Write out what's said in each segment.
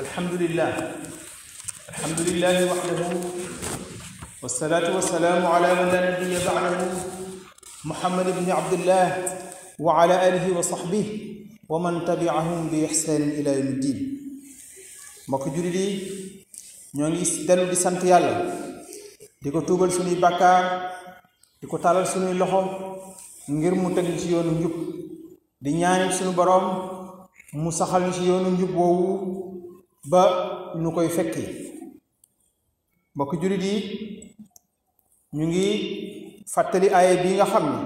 الحمد لله الحمد لله وحده والصلاة والسلام على من لا نبي بعده محمد بن عبد الله وعلى آله وصحبه ومن تبعهم بإحسان إلى يوم الدين مكجولي لي نيوغي دالو دي سانت ديكو توبال سوني بكار ديكو تالال سوني لوخو ngir mu tegg ci yoonu njub di ñaanal suñu borom mu saxal ba ñu koy fekki mbokk jullit yi ñu ngi fàttali aaya bi nga xam ne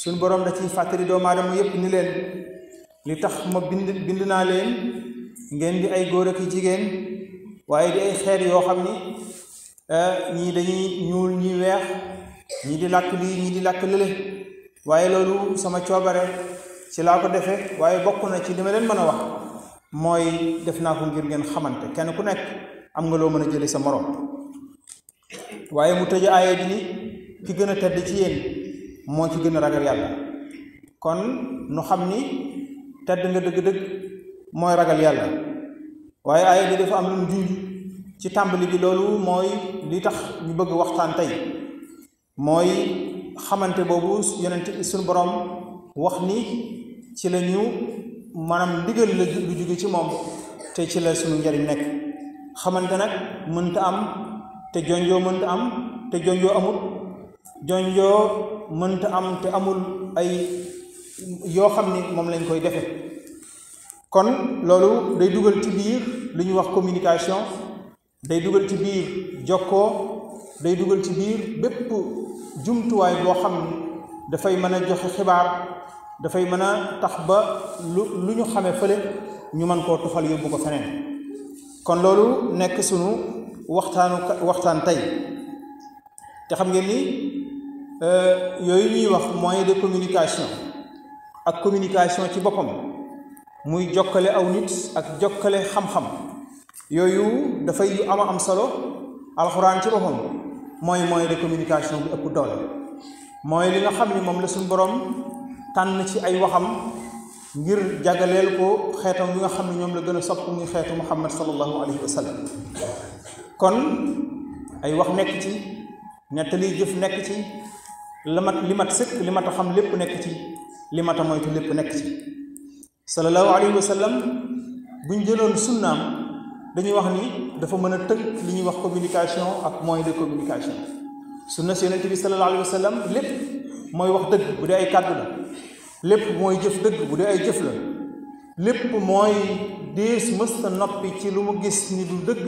suñ boroom da ciy fàttali doomu aadama yépp ni leen li tax ma bind bind naa leen ngeen di ay góor ak jigéen waaye di ay xeer yoo xam ni eh, ñii dañuy ñuul ñi weex ñii di làkk lii ñii di làkk lële waaye loolu sama coobare ci laa ko defe waaye bokk na ci dama leen mën a wax Moy def na ko ngir ngeen xamante kenn ku nekk am nga loo mën a jëli sa morom waaye mu tëj di ni ki gën tedd ci yéen moo ci gën ragal yàlla kon nu xam ni tedd nga dëgg-dëgg mooy ragal yàlla waaye aaya di dafa am lu mu junj ci tàmbali bi loolu mooy li tax ñu bëgg waxtaan tey mooy xamante boobu yonent suñu borom wax ni ci la maanaam ndigal la lu jóge ci moom te ci la suñu njariñ nekk xamante nag mënta am te jonjoo mënta am te jonjoo amul jonjoo mënta am te amul ay yoo xam ni moom lañ koy defe kon loolu day dugal ci biir lu ñuy wax communication day dugal ci biir jokkoo day dugal ci biir bépp jumtuwaay boo xam ni dafay mën a joxe xibaar da fay a tax ba lu lu ñu xamee fële ñu man ko tuxal yóbbu ko feneen kon lolu nek sunu waxtaanu waxtaan tay te xam ngeen ni yoy ñuy wax moyen de communication ak communication ci bopam muy jokkale aw nit ak jokkale xam-xam da fay yu ama am solo alcorane ci bopam moy moyen de communication bu ëpp doole moy li nga xam ni moom la suñu borom tànn ci ay waxam ngir jagaleel ko xeetam bi nga xam ne ñoom la gën a sopp muy xeetu muhammad sallallahu alayhi wa sallam kon ay wax nekk ci nettali jëf nekk ci li mat li mat sëkk li mat xam lépp nekk ci li mat a moytu lépp nekk ci sallallahu alayhi wa sallam buñ jëloon sunnaam dañuy wax ni dafa mën a tënk li ñuy wax communication ak moyen de communication sunna si yonent bi sallallahu alayhi wa lépp mooy wax dëgg bu dee ay kàddu la lépp mooy jëf dëgg bu dee ay jëf la lépp mooy dees mësta noppi ci lu mu gis ni du dëgg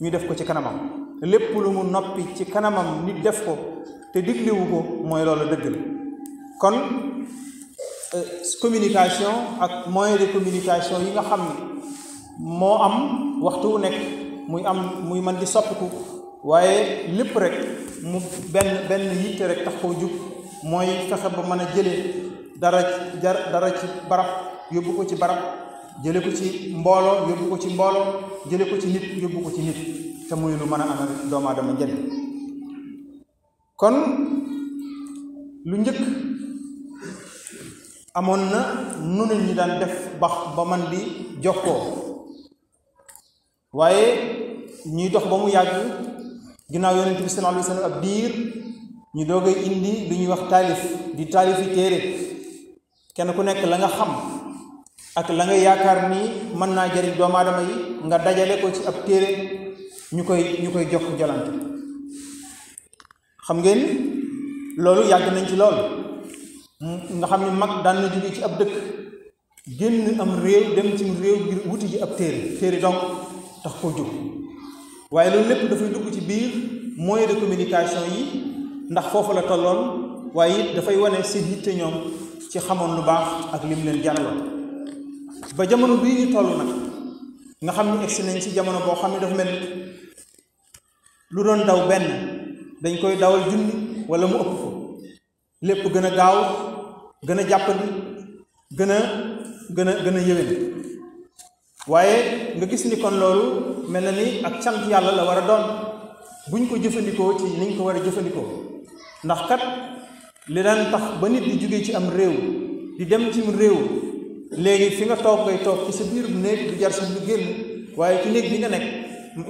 ñu def ko ci kanamam lépp lu mu noppi ci kanamam nit def ko te diglewu ko mooy loolu dëgg la kon euh, communication ak moyen de communication yi nga xam ne moo am waxtu wu nekk muy am muy man di soppiku waaye lépp rek mu benn benn yitte rek tax koo jug mooy fexe ba mën a jëlee dara dara ci barap yobbu ko ci barap jele ko ci mbolo yobbu ko ci mbolo jele ko ci nit yobbu ko ci nit te muy lu meuna am do ma dama kon lu njëkk amon na nu ne ñi daan def bax ba man di jokkoo waye ñi dox ba mu yagg ginaaw yonent bi sallallahu alayhi wasallam ab bir ñu dogay indi lu ñuy wax talif di talifi kenn ku nekk la nga xam ak la nga yaakaar nii mën naa jëriñ doomu aadama yi nga dajale ko ci ab téere ñu koy ñu koy jox jolante xam ngeen loolu yàgg nañ ci lool nga xam ne mag daan na jóge ci ab dëkk génn am réew dem ci réew wuti ji ab téere téere donc tax koo jóg waaye loolu lépp dafay dugg ci biir mooy de yi ndax foofu la tolloon waaye it dafay wane seen yitte ñoom ci xamoon lu baax ak lim leen jaraloon ba jamono bii ñu toll nag nga xam ni egsi nañ ci jamono boo xam ne dafa mel lu doon daw benn dañ koy dawal junni wala mu ëpp ko lépp gën a gaaw gën a jàppandi gën a gën a gën a yëwén waaye nga gis ni kon loolu mel na ni ak cant yàlla la war a doon buñ ko jëfandikoo ci niñ ko war a jëfandikoo ndax kat li daan tax ba nit di jóge ci am réew di dem ci réew léegi fi nga toog ngay toog ci sa biir néeg du jar sax lu génn waaye ci néeg bi nga nekk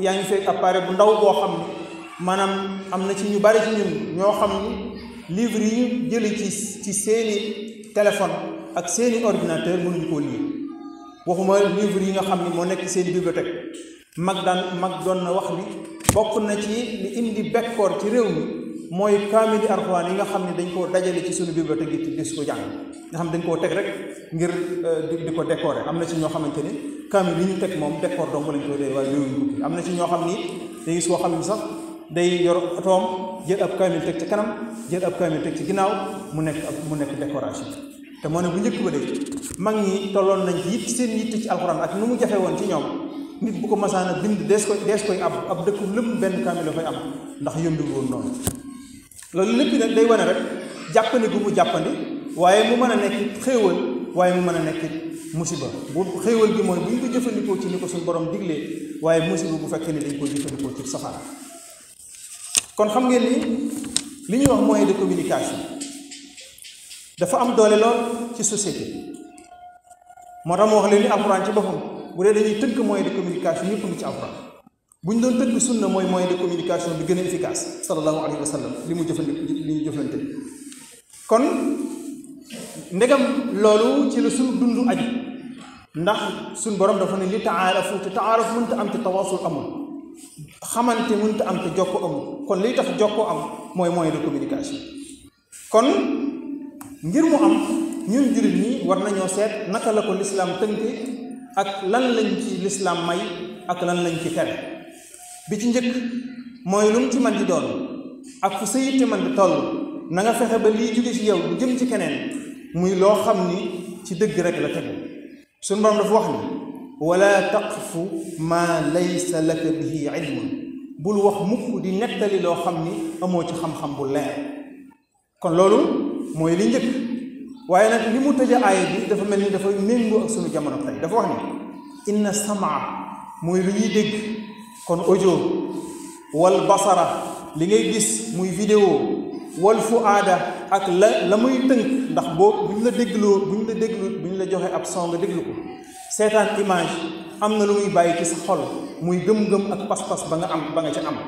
yaa ngi fekk appareil bu ndaw boo xam ne maanaam am na ci ñu bari ci ñun ñoo xam ni livre yi ñu jëli ci ci seeni téléphone ak seeni ordinateur mënuñu koo lii waxuma livre yi nga xam ne moo nekk seen bibliothèque mag daan mag doon na wax bi bokk na ci li indi bekkoor ci réew mi moy kamil alxuraan yi nga xamni dañ ko dajale ci suñu bibliothèque ci gis ko jàng nga xam dañ ko tek rek ngir euh, diko décorer amna ci ño xamanteni kamil kaamil yi ñu teg moom décor dong lañ ko dé wa yooyu dugg am na ci ño xamni day gis koo xam sax day yor atom jël ab kamil tek ci kanam jël ab kamil tek ci ginaaw mu nekk ab mu nekk décoration té mo ne bu njëkk ba dé mag ñi tolon nañ ci yitt seen yitt ci alcorane ak nu mu jaxé won ci ñom nit bu ko masaana bind des ko des koy ab ab dekk lepp ben kamil fay am ndax yëndu woon non loolu lépp nag day wane rek jàppandi bu mu jàppandi waaye mu mën a nekk xéewal waaye mu mën a nekk musiba bu xéewal bi mooy bu ñu ko jëfandikoo ci ni ko suñu borom diglee waaye musiba bu fekkee ni dañ ko jëfandikoo ci safara kon xam ngeen ni li ñuy wax moyen de communication dafa am doole lool ci société moo tax ma wax leen ni alxuraan ci boppam bu dee dañuy tënk moyen de communication yëpp ngi ci alxuraan bu ñu doon tëgg sunna mooy moyen de communication bi gën a efficace sallallahu alayhi wa sallam li mu jëfandikoo li mu jëflante kon ndegam loolu ci la suñu dundu aju ndax suñu borom dafa ne li taarafu te taaraf mënta am te tawaasul amul xamante mënta am te jokkoo amul kon liy tax jokkoo am mooy moyen de communication kon ngir mu am ñun jullit ñi war nañoo seet naka la ko lislaam tënke ak lan lañ ci lislaam may ak lan lañ ci tere bi ci njëkk mooy lu mu ci man di doon ak fu sa yitte man di toll nanga fexe ba lii jóge ci yow du jëm ci keneen muy loo xam ni ci dëgg rek la tegu suñu borom dafa wala taqfu maa laysa laka bihi ilmun bul wax mukk di nettali loo xam ni amoo ci xam-xam bu leer kon loolu mooy li njëkk waaye nag li mu tëja aaya bi dafa mel ni dafa méngoo ak sunu jamono tey dafa wax ni inna samaa mooy lu ñuy dégg kon audio wal basara li ngay gis muy vidéo wal fuada ak la la muy tënk ndax bo buñ la déglu buñ la déglu buñ la joxe ab son nga déglu ko setan image amna lu muy bàyyi ci sa xol muy gëm-gëm ak pas-pas ba nga am ba nga ci am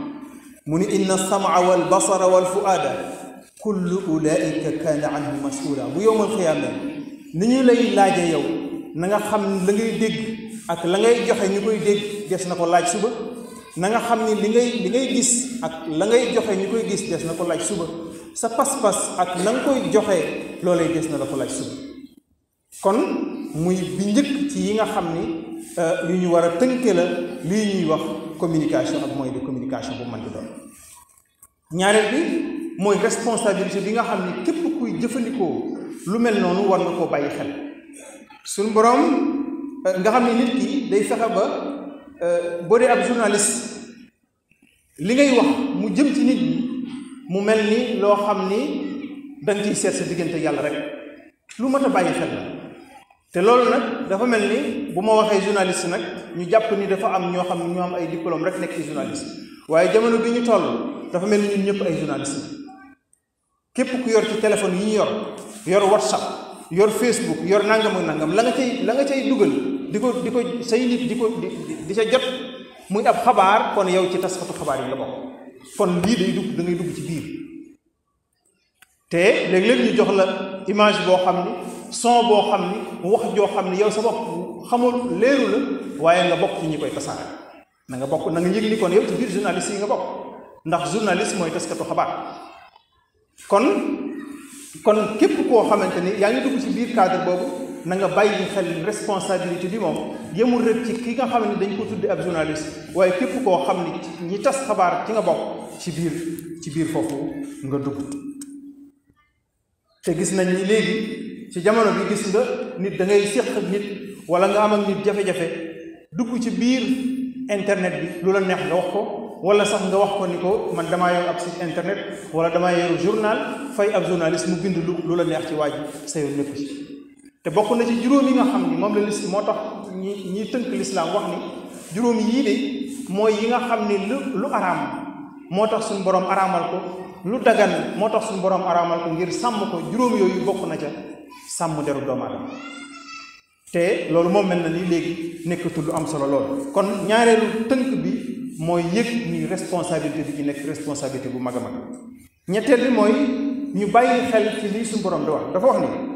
muni inna sam'a wal basara wal fuada kullu ulaika kana anhu masula bu yowmal xiyaama ni ñu lay laaje yow na nga xam la ngay dégg ak la ngay joxe ñukoy koy dégg des na ko laaj suba na nga xam ni li ngay li ngay gis ak la ngay joxe ñu koy gis des na ko laaj suba sa pas-pas ak na nga koy joxe loolee des na la ko laaj suba kon muy bi njëkk ci yi nga xam ni yu euh, ñu war a tënke la lii ñuy wax communication ak moyen de communication bu mën di doon ñaareel bi mooy responsabilité bi nga xam ni képp kuy jëfandikoo lu mel noonu war nga koo bàyyi xel suñu boroom euh, nga xam ni nit ki day fexe ba Euh, boo dee ab journaliste li ngay wax mu jëm ci nit mu mel ni loo xam ni danga ciy seet sa diggante yàlla rek lu mat a bàyyi xel la te loolu nag dafa mel ni bu ma waxee journaliste nag ñu jàpp ni dafa am ñoo xam ne ñoo am ay diplôme rek nekk ci journaliste waaye jamono bi ñu toll dafa mel ni ñun ñëpp ay journaliste képp ku yor ci téléphone yi ñu yor yor whatsapp yor facebook yor nangam ak nangam la nga cay la nga cay dugal di ko di ko say nit di ko di sa jot muy ab xabaar kon yow ci taskatu xabaar yi la bokk kon lii day dugg da dugg ci biir te léegi léeg ñu jox la image boo xam ni son boo xam ni wax joo xam ni yow sa bopp xamul leeru la waaye nga bokk ci ñi koy tasaare na nga bokk na nga yëg ni kon yow ci biir journaliste yi nga bokk ndax journaliste mooy taskatu xabaar kon kon képp koo xamante ni yaa ngi dugg ci biir cadre boobu na nga bàyyi xel responsabilité bi moom yemul rek ci ki nga xam ni dañ ko tudde ab journaliste waaye képp koo xam ne ñi tas xabaar ci nga bokk ci biir ci biir foofu nga dugg te gis nañ ni léegi ci jamono bi gis nga nit da ngay séq ak nit wala nga am ak nit jafe-jafe dugg ci biir internet bi lu la neex nga wax ko wala sax nga wax ko ni ko man damaa yor ak si internet wala damaa yor journal fay ak journaliste mu bind lu lu la neex ci waaj sa yoon nekku ci te bokku na ci juroom yi nga xam ni moom la lis moo tax ñi ñi tënk lislaam wax ni juróom yii de mooy yi nga xam lu lu araam moo tax aramal borom araamal ko lu dagan moo tax suñu borom araamal ko ngir sàmm ko juróom yooyu bokk na ca sàmm deru doomu aadama te loolu moom mel ni léegi lu am solo lool kon ñaareelu tënk bi mooy yëg ni responsabilité bi ci responsabilité bu mag a mag ñetteel bi mooy ñu bàyyi xel ci li borom di wax dafa wax ni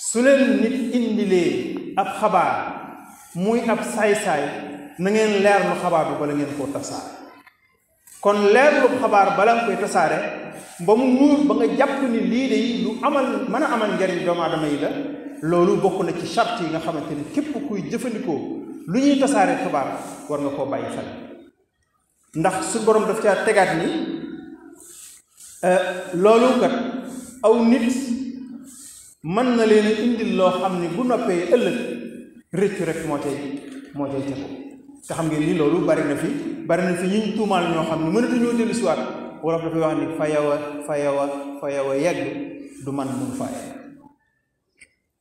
su leen nit indilee ab xabaar muy ab saay-saay na ngeen ma xabaar bi bala ngeen koo tasaare kon leerlu xabaar bala nga koy tasaare ba mu ñuur ba nga jàpp ni lii de lu amal mën a amal njariñ doomu aadama yi la loolu bokk na ci charte yi nga xamante ni képp kuy jëfandikoo lu ñuy tasaare xabaar war nga koo bàyyi xel ndax su borom daf caa tegaat ni euh, loolu kat aw nit man na leen indil loo xam ne bu noppee ëllëg rëccu rek moo tey moo tey tegu te xam ngeen ni loolu bari na fi bari na fi ñiñ tuumaal ñoo xam ne mënatuñoo dellu si waat wolof dafay wax ni fayawa fayawa fayawa yegg du man mun fay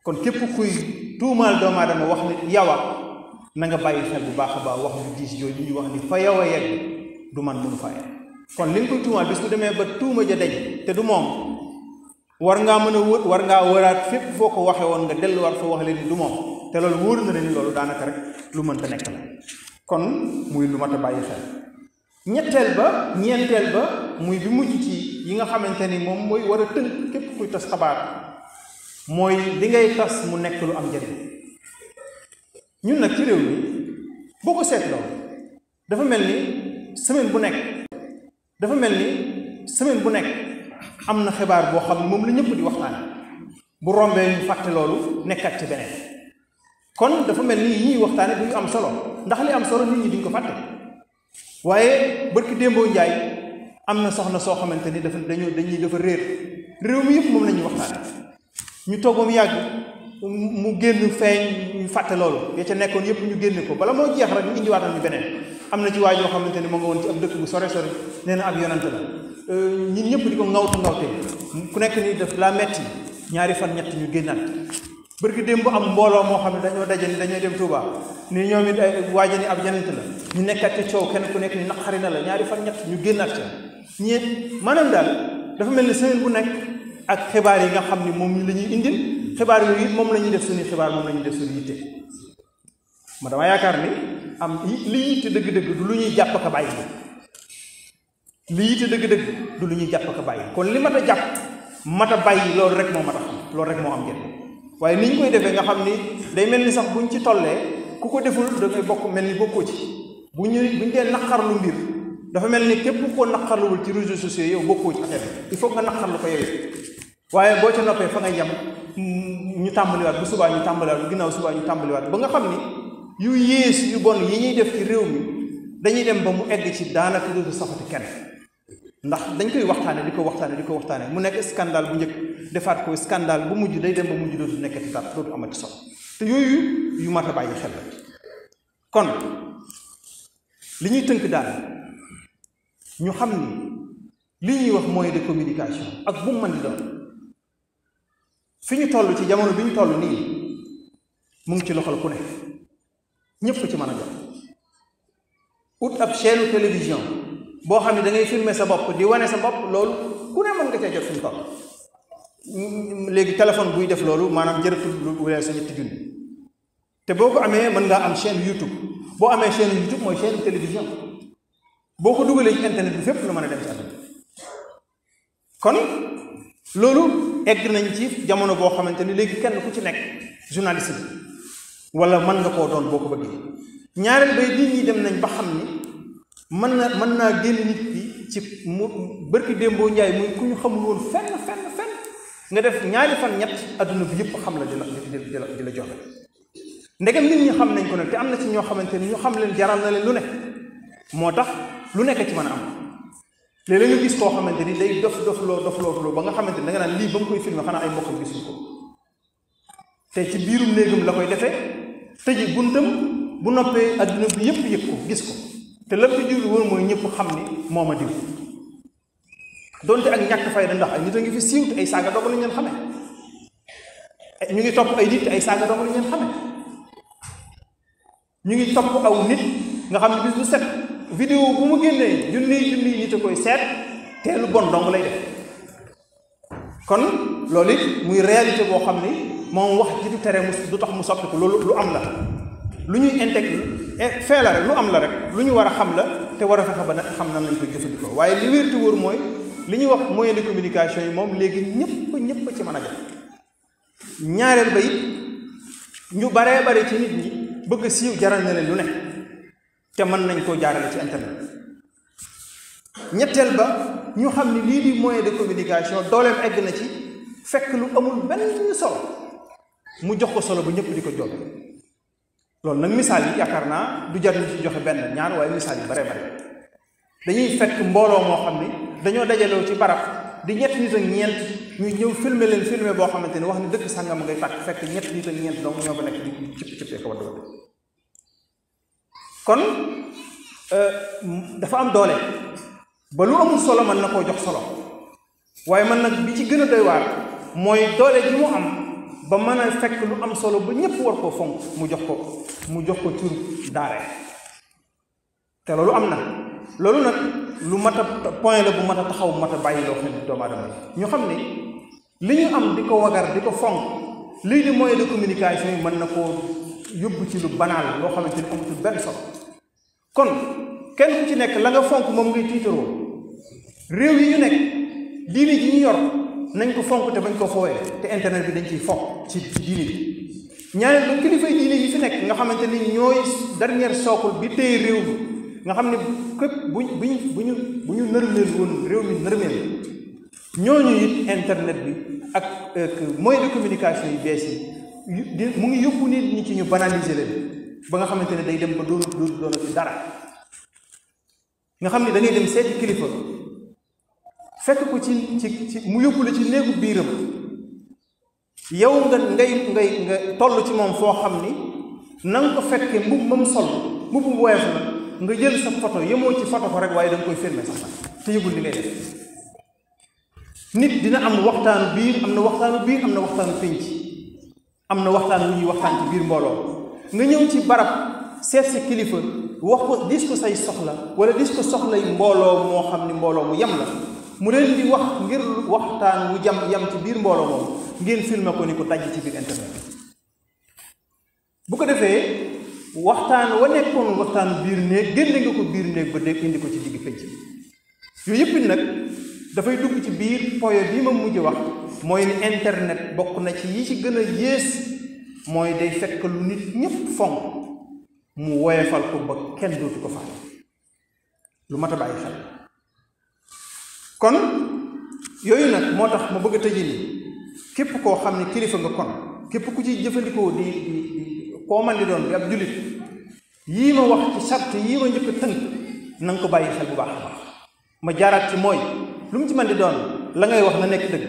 kon képp kuy tuumaal doomu aadama wax yawa na bàyyi xel bu baax a baax wax bu diis jooju ñu wax ni fayawa yegg du man mun fay kon li nga koy tuumaal bis bu demee ba tuuma ja daj te du moom war ngaa mën a wër war ngaa wëraat fépp foo ko waxee woon nga delluwaat foo wax leen ni lu moom te loolu wóor na ni loolu daanaka rek lu mënta nekk la kon muy lu mat a bàyyi ñetteel ba ñeenteel ba muy bi mujj ci yi nga xamante ni moom mooy war a tënk képp kuy tas xabaar mooy li ngay tas mu nekk lu am njëriñ ñun nag ci réew boo ko seetloo dafa mel ni semaine bu nekk dafa mel ni semaine bu nekk am na xibaar boo xam ne moom la ñëpp di waxtaane bu rombee ñu fàtte loolu nekkat ci beneen kon dafa mel ni ñuy waxtaane du am solo ndax li am solo nit ñi duñ ko fàtte waaye barki démboo njaay am na soxna soo xamante ni dafa dañu dañuy dafa réer réew mi yëpp moom la waxtaane ñu toog mu yàgg mu génn feeñ ñu fàtte loolu ya ca nekkoon yëpp ñu génn ko bala moo jeex rek ñu indiwaatam ñu beneen am na ci waay xamante ni moo nga woon ci ab dëkk bu sore sore nee na ab yonant la euh, ñun ñëpp di ko ngawtu ngawte ku nekk ni def la metti ñaari fan ñett ñu génnaat bërki démb bu am mbooloo moo xam ne dañoo daje ni dañuy dem Touba ni ñoom it waaja ni ab yonant la ñu nekkaat ca coow kenn ku nekk ni naqari na la ñaari fan ñett ñu génnaat ca ñeent maanaam daal dafa mel ni semaine bu nekk ak xibaar yi nga xam ni moom la ñuy indil xibaar yooyu moom la ñuy def suñuy xibaar moom la ñuy def suñu yitte ma dama yaakaar ni am li yitte dëgg-dëgg du lu ñuy jàpp ka bàyyi li yitte dëgg lu ñuy jàpp ka bàyyi kon li mat a jàpp mat a bàyyi loolu rek moo mat a xam loolu rek moo am njëriñ waaye ni ñu koy defee nga xam ni day mel ni sax buñ ci tollee ku ko deful dangay bokk mel ni bokkoo ci bu ñu bu ñu dee naqarlu mbir dafa mel ni képp ko koo naqarluwul ci réseaux sociaux yow bokkoo ci affaire il faut nga naqarlu ko yow waaye boo ci noppee fa nga yem mm, ñu tàmbaliwaat bu subaa ñu tàmbaliwaat bu ginnaaw subaa ñu tàmbaliwaat ba nga xam ni yu yées yu bon yi ñuy def ci réew mi dañuy dem ba mu egg ci daanaka dootu saxati kenn ndax dañ koy waxtaane di ko waxtaane di ko waxtaane mu nekk scandale bu njëkk defaat ko scandale bu mujj day dem ba mujj dootu nekkati dara dootu amati solo te yooyu yu mat a bàyyi xel la kon li ñuy tënk daal ñu xam li ñuy wax moyen de communication ak bu mu fi ñu toll ci jamono bi ñu toll nii mu ngi ci loxol ku ne ñëpp ci mën a jot ut ab chaîne télévision boo xam ne da ngay sa bopp di wane sa bopp loolu ku ne mën nga cee jot fi mu léegi téléphone buy def loolu maanaam jërëtul lu wéyal sa ñetti junni te boo ko amee mën ngaa am chaîne YouTube boo amee chaîne YouTube mooy chaîne télévision boo ko dugalee ci internet bi fépp lu mën a dem ci àdduna kon loolu egg nañ ci jamono boo xamante ni léegi kenn ku ci nekk journaliste bi wala mën nga koo doon boo ko bëggee ñaareel bay nit ñi dem nañ ba xam ni mën na mën naa génn nit ki ci mu bërki démboo njaay muy ku ñu xamul woon fenn fenn fenn nga def ñaari fan ñett adduna bi yëpp xam la di la di la di la joxe ndegam nit ñi xam nañ ko nag te am na ci ñoo xamante ni ñu xam leen jaral na leen lu nekk moo tax lu nekk ci mën a am léeg-léeg nga gis koo xamante ni day dof dof loo dof loo ba nga xamante ni da nga naan lii ba mu koy filmé xanaa ay mbokk gisuñ ko te ci biirum néegam la koy defee tëji buntam bu noppee adduna bi yëpp yëpp ko gis ko te lépp ci jublu woon mooy ñëpp xam ni moom a diw donte ak ñàkk fayda ndax ay nit a ngi fi siiw te ay saaga dong lañ leen xame eh, ñu ngi topp ay nit ay saaga dong lañ xame ñu ngi topp aw nit nga xam ne bis bu set vidéo bu mu génnee junni junni nit a koy seet teelu bon dong lay def kon loolu it muy réalité boo xam ni moom wax ji tere mu du tax mu ko loolu lu am la lu ñuy intègre eh, fee la lu am la rek lu ñu war a xam la te war a fexe ba nag xam nan lañ koy jëfandikoo waaye li wér te wóor mooy li ñu wax moyen de communication yi moom léegi ñëpp ñëpp ci mën a jot ñaareel ba ñu baree bare ci bëgg siiw jaral na leen mën nañ koo jaarale ci internet ñetteel ba ñu xam ni lii di moyen de communication dooleem egg na ci fekk lu amul benn solo mu jox ko solo ba ñëpp di ko jot loolu nag misaal yi yaakaar naa du jar ñu ci joxe benn ñaar waaye misaal yi bare bare dañuy fekk mbooloo moo xam ni dañoo dajaloo ci barab di ñett nit ak ñeent ñuy ñëw filmer leen filmer boo xamante ni wax ni dëkk sàngam ngay fàkk fekk ñett nit ak ñeent donc ñoo ko nekk di cëpp cëppee ko wadd wadd kon euh, dafa am doole ba lu amul solo mën na koo jox solo waaye man nag bi ci gën a doy waar mooy doole ji mu am ba mën a fekk lu am solo ba ñëpp war koo fonk mu jox ko mu jox ko tur daare te loolu am na loolu nag lu mat a point la bu mat a taxaw mat a bàyyi loo xam doomu aadama yi ñu xam ne li ñu am di ko wagar di ko fonk lii di mooy de communication yi mën na koo yóbbu ci lu banaal loo xamante ni amatul benn solo kon kenn ku ci nekk la nga fonk moom ngay tiitaroo réew yi ñu nekk diine ji ñu yor nañ ko fonk te bañ ko foowee te internet bi dañ ciy fonk ci ci diini bi ñaareel ba kilifa diine yi fi nekk nga xamante ni ñooy dernier socle bi tey réew mi nga xam ne képp bu bu ñu bu ñu nërmeel woon réew mi nërmeel ñooñu it internet bi ak moyen de communication yu bees yi mu ngi yóbbu nit ñi ci ñu banaliser leen ba nga xamante ne day dem ba doonut doonut doonut dara nga xam ne da ngay dem seeti kilifa. fekk ko ci ci ci mu yóbbu la ci néegu biiram yow nga ngay ngay nga toll ci moom foo xam ni na ko fekkee mbubb ma mu sol mbubb mu woyof la nga jël sa photo yemoo ci photo ko rek waaye da nga koy filmé sax te yëgul li ngay def nit dina am waxtaanu biir am na waxtaanu biir am na waxtaanu pénc am na waxtaan wu ñuy waxtaan ci biir mbooloo nga ñëw ci barab seet si kilifa wax ko dis ko say soxla wala dis ko soxlay mbooloo moo xam ni mbooloo mu yem la mu leen di wax ngir waxtaan mu jam yam ci biir mbooloo moom ngeen filmer ko ni ko daj ci biir internet bu ko defee waxtaan wa nekkoon waxtaan biir néeg génne nga ko biir néeg ba dégg indi ko ci digg pénc yooyu yëpp nag dafay dugg ci biir poyo bi ma mujj wax mooy internet bokk na ci yi ci gën a yées mooy day fekk lu nit ñëpp fonk mu woyefal ko ba kenn dootu ko faale lu mat a bàyyi xel kon yooyu nag moo tax ma bëgg a tëji ni képp koo xam ne kilifa nga kon képp ku ci jëfandikoo di koo man di doon bi ab julit yii ma wax ci sart yii ma njëkk tënk na nga ko bàyyi xel bu baax a baax ma jaaraat ci mooy lu mu ci man di doon la ngay wax na nekk dëgg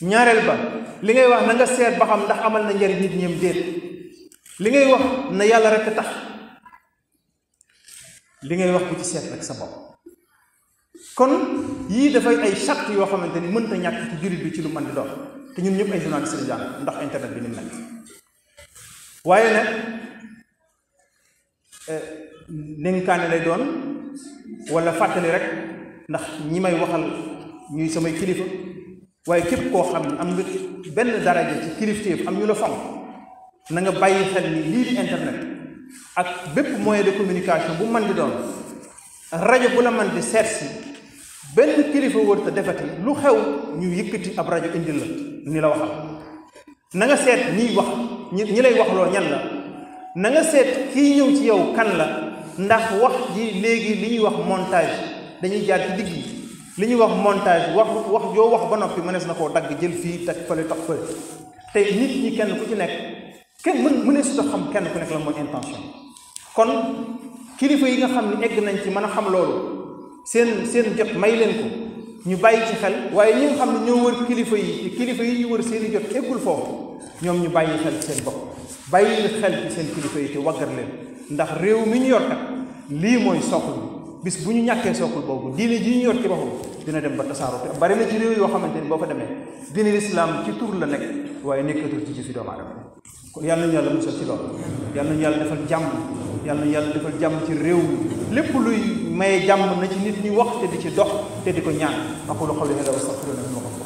ñaareel ba li ngay wax na nga seet ba xam ndax amal na njariñ nit ñeem déet li ngay wax na yàlla rek tax li ngay wax ku ci seet rek sa bopp kon yii dafay ay charte yoo xamante ni mënta ñàkk ci jullit bi ci lu man di dox te ñun ñëpp ay journaliste lañ jàng ndax internet bi ni mu nekk waaye nag euh, ndénkaane lay doon walla fàttali rek ndax ñi may waxal ñuy samay kilifa waaye képp koo xam ne am nga benn daraja ci yëpp am ñu la fam na nga bàyyi xel ni lii di internet ak bépp moyen de communication bu man di doon rajo bu la man di seet si benn kilifa wër te defati lu xew ñu yëkkati ab rajo indil la ni la waxal na nga seet ñiy wax ñi ñi lay wax loo ñan la na nga seet kii ñëw ci yow kan la ndax wax ji léegi li ñuy wax montage dañuy jaar ci digg yi li ñuy wax montage wax wax joo wax ba noppi mënees na koo dagg jël fii teg fële tax fële te nit ñi kenn ku ci nekk kenn mën mënees na xam kenn ku nekk la mooy intention kon kilifa yi nga xam ne egg nañ ci mën a xam loolu seen seen jot may leen ko ñu bàyyi ci xel waaye ñi nga xam ne ñoo wër kilifa yi kilifa yi ñu wër seen i jot eggul foofu ñoom ñu bàyyi xel ci seen bopp bàyyi xel ci seen kilifa yi te waggar leen ndax réew mi ñu yor kat lii mooy soxla bis bu ñu ñàkkee soxla boobu diine ji ñu yor ci boppam dina dem ba tasaaroo te bari na ci réew yoo xamante ni boo ko demee diine lislaam ci tur la nekk waaye nekkatul ci jëfi doomu aadama kon yàlla nañu yàlla musal ci loolu yàlla nañu yàlla defal jàmm yàlla nañu yàlla defal jàmm ci réew lépp maye jàmm na ci nit ñi wax te di ci dox te di ko ñaan aqulu qawli hada wa astaghfirullaah